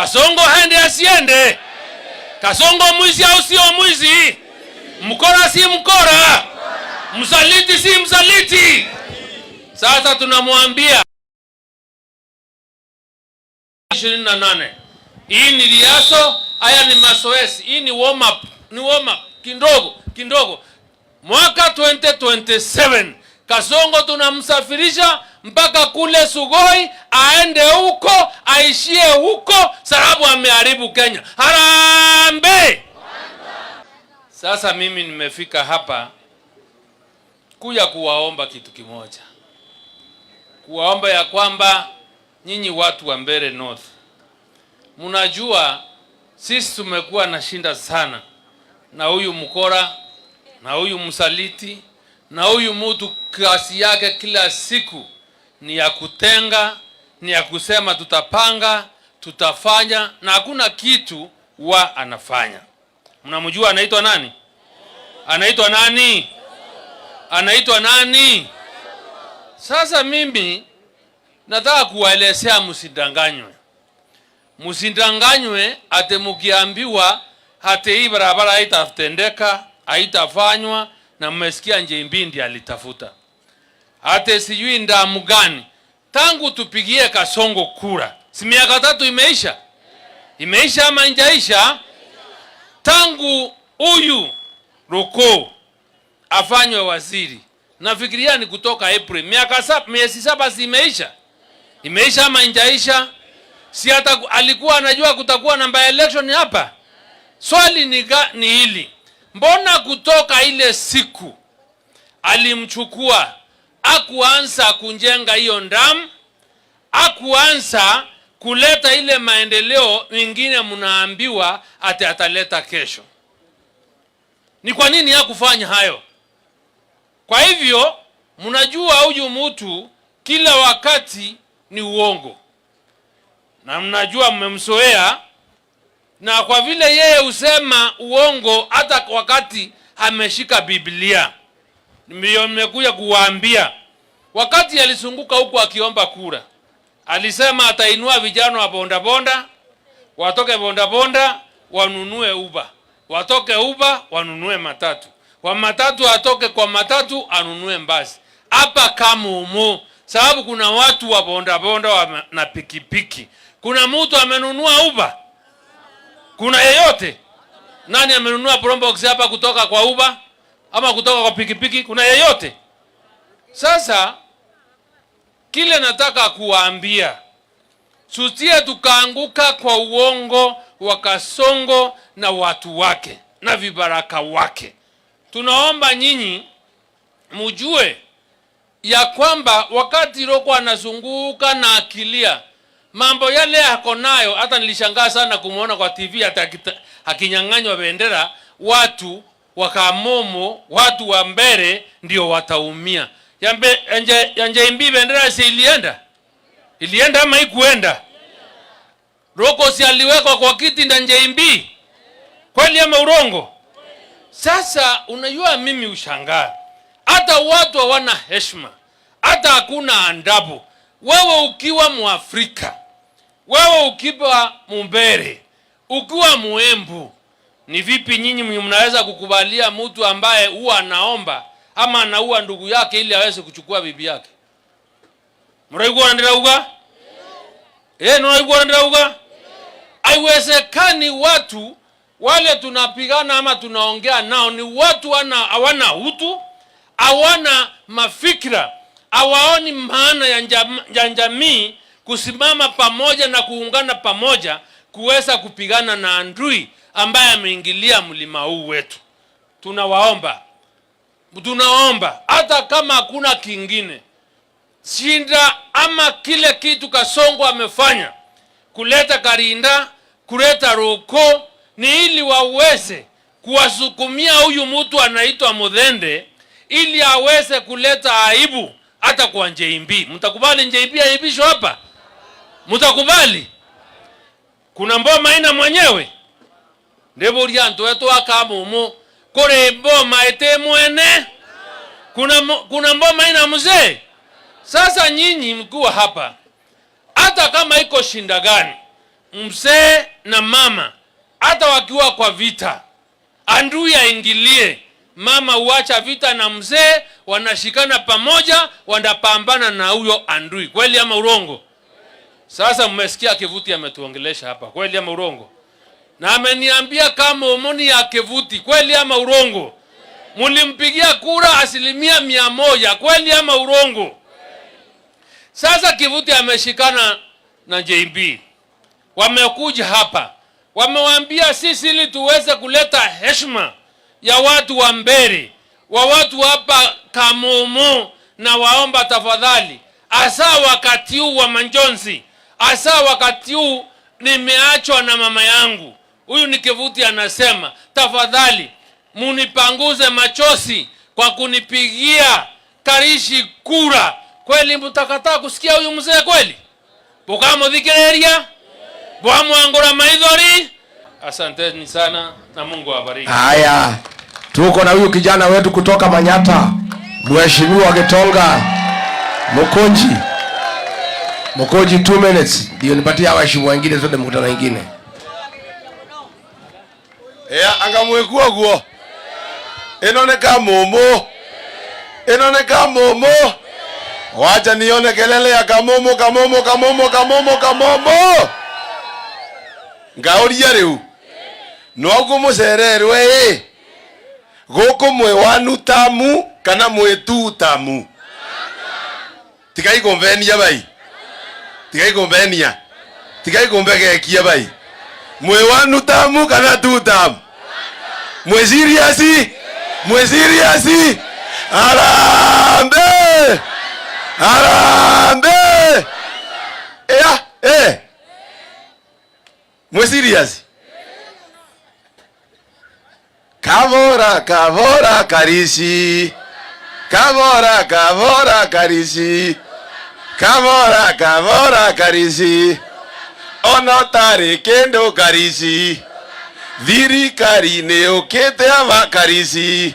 kasongo hende asiende, kasongo mwizi au sio mwizi, mkora si mkora, msaliti si msaliti. Sasa tunamwambia ishirini na nane hii ni riaso, haya ni masoesi, hii ni warm up, ni warm up kindogo kindogo Mwaka 2027 Kasongo tunamsafirisha mpaka kule Sugoi aende huko aishie huko, sababu ameharibu Kenya. harambe Sasa mimi nimefika hapa kuja kuwaomba kitu kimoja, kuwaomba ya kwamba nyinyi watu wa mbere North mnajua sisi tumekuwa na shinda sana na huyu mkora na huyu msaliti na huyu mtu, kasi yake kila siku ni ya kutenga ni ya kusema tutapanga, tutafanya na hakuna kitu wa anafanya. Mnamjua anaitwa nani? Anaitwa nani? Anaitwa nani? Sasa mimi nataka kuwaelezea, msidanganywe, msidanganywe ate mukiambiwa hate hii barabara haitatendeka haitafanywa, na mmesikia Nje alitafuta hate sijui ndamu gani tangu tupigie Kasongo kura, si miaka tatu imeisha? Imeisha ama injaisha? Tangu huyu Roko afanywe waziri, nafikiria ni kutoka April, miaka saba, miezi saba si imeisha? Imeisha ama injaisha? Si hata alikuwa anajua kutakuwa na by election hapa. Swali ni, ni hili, mbona kutoka ile siku alimchukua akuanza kujenga hiyo ndamu, akuanza kuleta ile maendeleo mingine mnaambiwa ati ataleta kesho. Ni kwa nini hakufanya hayo? Kwa hivyo mnajua huyu mtu kila wakati ni uongo, na mnajua mmemzoea, na kwa vile yeye husema uongo hata wakati ameshika Biblia, ndio nimekuja kuwaambia Wakati alizunguka huku akiomba kura, alisema atainua vijana wa bondabonda, watoke bondabonda wanunue uba, watoke uba wanunue matatu, wa matatu atoke kwa matatu anunue mbasi. Hapa kama umo sababu, kuna watu wa bondabonda wa na pikipiki. Kuna mtu amenunua uba? Kuna yeyote? Nani amenunua Probox hapa kutoka kwa uba ama kutoka kwa pikipiki? Kuna yeyote? Sasa Kile nataka kuwaambia susia, tukaanguka kwa uongo wa Kasongo na watu wake na vibaraka wake. Tunaomba nyinyi mujue ya kwamba wakati Roko anazunguka na akilia mambo yale yako nayo, hata nilishangaa sana kumwona kwa TV hata akinyang'anywa bendera, watu wakamomo, watu wa mbele ndio wataumia. Yambe enje enje imbi bendera si ilienda. Ilienda ama ikuenda? Roko si aliwekwa kwa kiti na nje imbi. Kweli ama urongo? Sasa unajua mimi ushangaa. Hata watu hawana heshima. Hata hakuna andabu Wewe ukiwa Mwafrika, wewe ukiwa Mumbere, ukiwa Muembu, ni vipi nyinyi mnaweza kukubalia mtu ambaye huwa anaomba ama anaua ndugu yake ili aweze kuchukua bibi yake. Mraigua uga? Eh, mraigua Yeah. Haiwezekani watu wale tunapigana ama tunaongea nao ni watu wana hawana utu, hawana mafikra, hawaoni maana ya jamii kusimama pamoja na kuungana pamoja kuweza kupigana na andui ambaye ameingilia mlima huu wetu. Tunawaomba tunaomba hata kama hakuna kingine shinda ama kile kitu Kasongo amefanya kuleta Karinda, kuleta Roko ni ili waweze kuwasukumia huyu mtu anaitwa Mudhende ili aweze kuleta aibu hata kwa Njeibi. Mtakubali Njeibi aibishwe hapa? Mtakubali? kuna mboma ina mwenyewe ndivyo uliantoetoakamumo kore mboma ete mwene kuna, kuna mboma ina mzee. Sasa nyinyi mkiwa hapa, hata kama iko shinda gani, mzee na mama hata wakiwa kwa vita, andui aingilie mama uacha vita na mzee, wanashikana pamoja, wanapambana na huyo andui. Kweli ama urongo? Sasa mmesikia Kivuti ametuongelesha hapa, kweli ama urongo? na ameniambia kama omoni ya kevuti kweli ama urongo? Mulimpigia kura asilimia mia moja kweli ama urongo? Sasa Kivuti ameshikana na JB, wamekuja hapa, wamewambia sisi, ili tuweze kuleta heshima ya watu wa Mbere, wa watu hapa Kamomo, na waomba tafadhali, hasa wakati huu wa manjonzi, hasa wakati huu nimeachwa na mama yangu Huyu ni Kivuti anasema, tafadhali munipanguze machosi kwa kunipigia Karishi kura. Kweli mtakataa kusikia huyu mzee kweli? bukamuthikireria bwamwangura maithori. Asanteni sana na Mungu awabariki. Haya, tuko na huyu kijana wetu kutoka manyata Mheshimiwa getonga Mukonji. Mukonji, 2 minutes ndio nipatie hawa wengine zote mkutano wengine yeah, anga mwikuo guo ino mumu ino mumu wacha nione kelele ya kamumu kamumu kamumu kamumu kamumu ngauria riu nwaguo mucererwe guku mwe tamu kana mwitu tamu tigai kumbenia bai tigai kumbenia tigai kumbegekia bai mwe tamu kana tu tamu Mweziriasi, Mweziriasi, arambe, arambe, ea, e Mweziriasi, kavora, kavora, karishi, kavora, kavora, karishi, kavora, kavora, karishi, onotari kendo karishi thirikari nä å kä te amakarici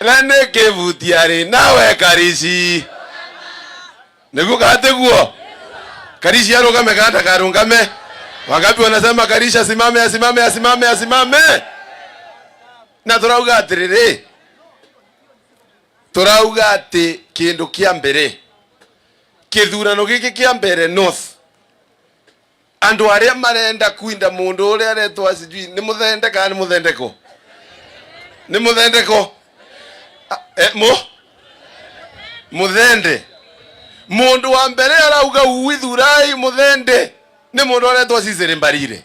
na nä kä vutiarä nawe karici nä guo kaatä guo karici arå game kandakarå ngame wangapi wanasema karici asimame asimame asimame asimame na tå rauga atä rä rä tå rauga atä kä ndå kä a mbere kä thurano gä kä kä a mbere north andu aria marenda kuinda mundu uria aretwa sijui ni muthende kana ni muthendeko ni muthendeko ah, eh, mo muthende mundu wa mbere arauga uithurai muthende ni mundu aretwa cicere mbarire